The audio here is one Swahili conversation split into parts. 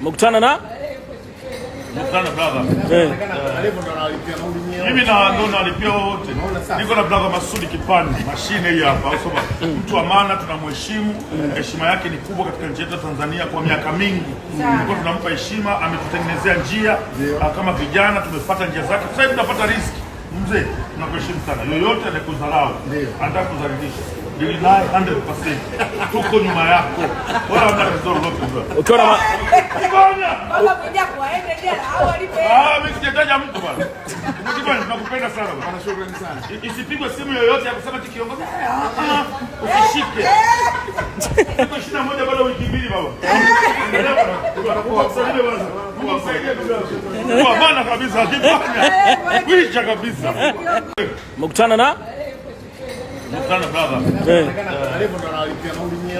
Mkutana na eh. mimi ndo nalipia wote. Niko na brother Masudi Kipande, mashine hii hapa mm. mtu wa maana, tunamheshimu. Mm. Heshima yake ni kubwa katika nchi yetu ya Tanzania. Kwa miaka mingi tulikuwa tunampa heshima, ametutengenezea njia. Ah, kama vijana tumepata njia zake, sasa tunapata riziki Mzee, nakuheshimu sana. Yoyote anakudharau atakudhalilisha, rely tuko nyuma yako, wala hamna tatizo lolote. Mimi mtu bwana, tunakupenda sana bwana, shukrani sana. Isipigwe simu yoyote ya kusema ti kiongozi ah, ah, usishike eh, eh. mkutana na eh.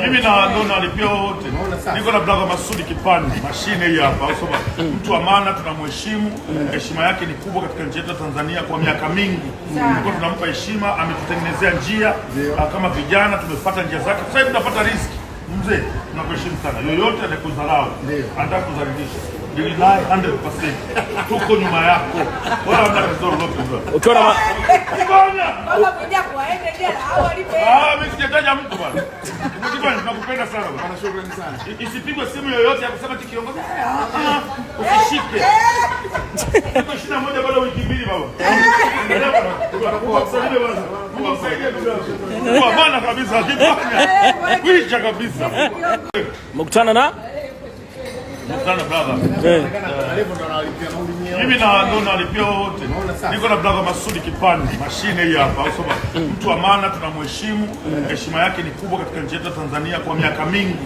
mimi ndo nalipia wote, niko na blaga Masudi Kipande, mashine hii hapa, mtu wa maana, tunamheshimu. Heshima yake ni kubwa katika nchi yetu ya Tanzania. Kwa miaka mingi tulikuwa tunampa heshima, ametutengenezea njia. Kama vijana tumepata njia zake, sasa tunapata riziki. Mzee, tunakuheshimu sana. Yoyote anakudharau, anataka kudhalilisha You will lie 100%. Tuko nyuma yako. Wala hamna tatizo lolote bwana. Ukiona mbona? Baba kuja kwa ende jela au alipe. Ah, mimi sijataja mtu bwana. Mjibwana tunakupenda sana bwana. Bana shukrani sana. Isipigwe simu yoyote ya kusema ti kiongozi. Eh, ah, ah, eh, usishike. Tuko eh. shina moja bado wiki mbili baba. Tunakusaidie bwana. Mungu msaidie bwana. Bwana kabisa. Wicha kabisa. Mkutana na Mkutano brother. Mimi na ndo nalipia wote. Niko na brother Masudi Kipani, mashine hii hapa. Usoma mtu wa maana tunamheshimu. Heshima yake ni kubwa katika nchi yetu ya Tanzania kwa miaka mingi.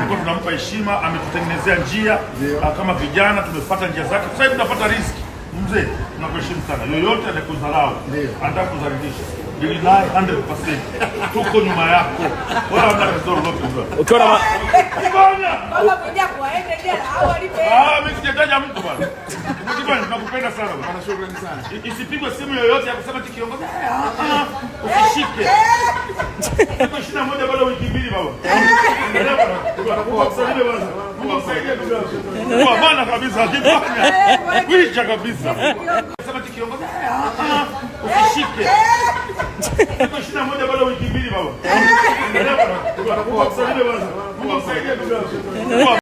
Niko tunampa heshima, ametutengenezea njia. Ah, kama vijana tumefuata njia zake. Sasa hivi tunapata riziki. Mzee, tunakuheshimu sana. Yoyote atakudharau, anataka kudhalilisha. Tuko nyuma yako. Ukiona Ah, mimi sijataja mtu bwana. Mjibana, sana bwana. shukrani sana. Isipigwe simu yoyote ya kusema kiongozi. Eh, ah, ah, eh, usishike. Eh. ishirini na moja bado wiki mbili baba. kabisa akifanya. kabisa. Usishike. ishirini na moja bado wiki mbili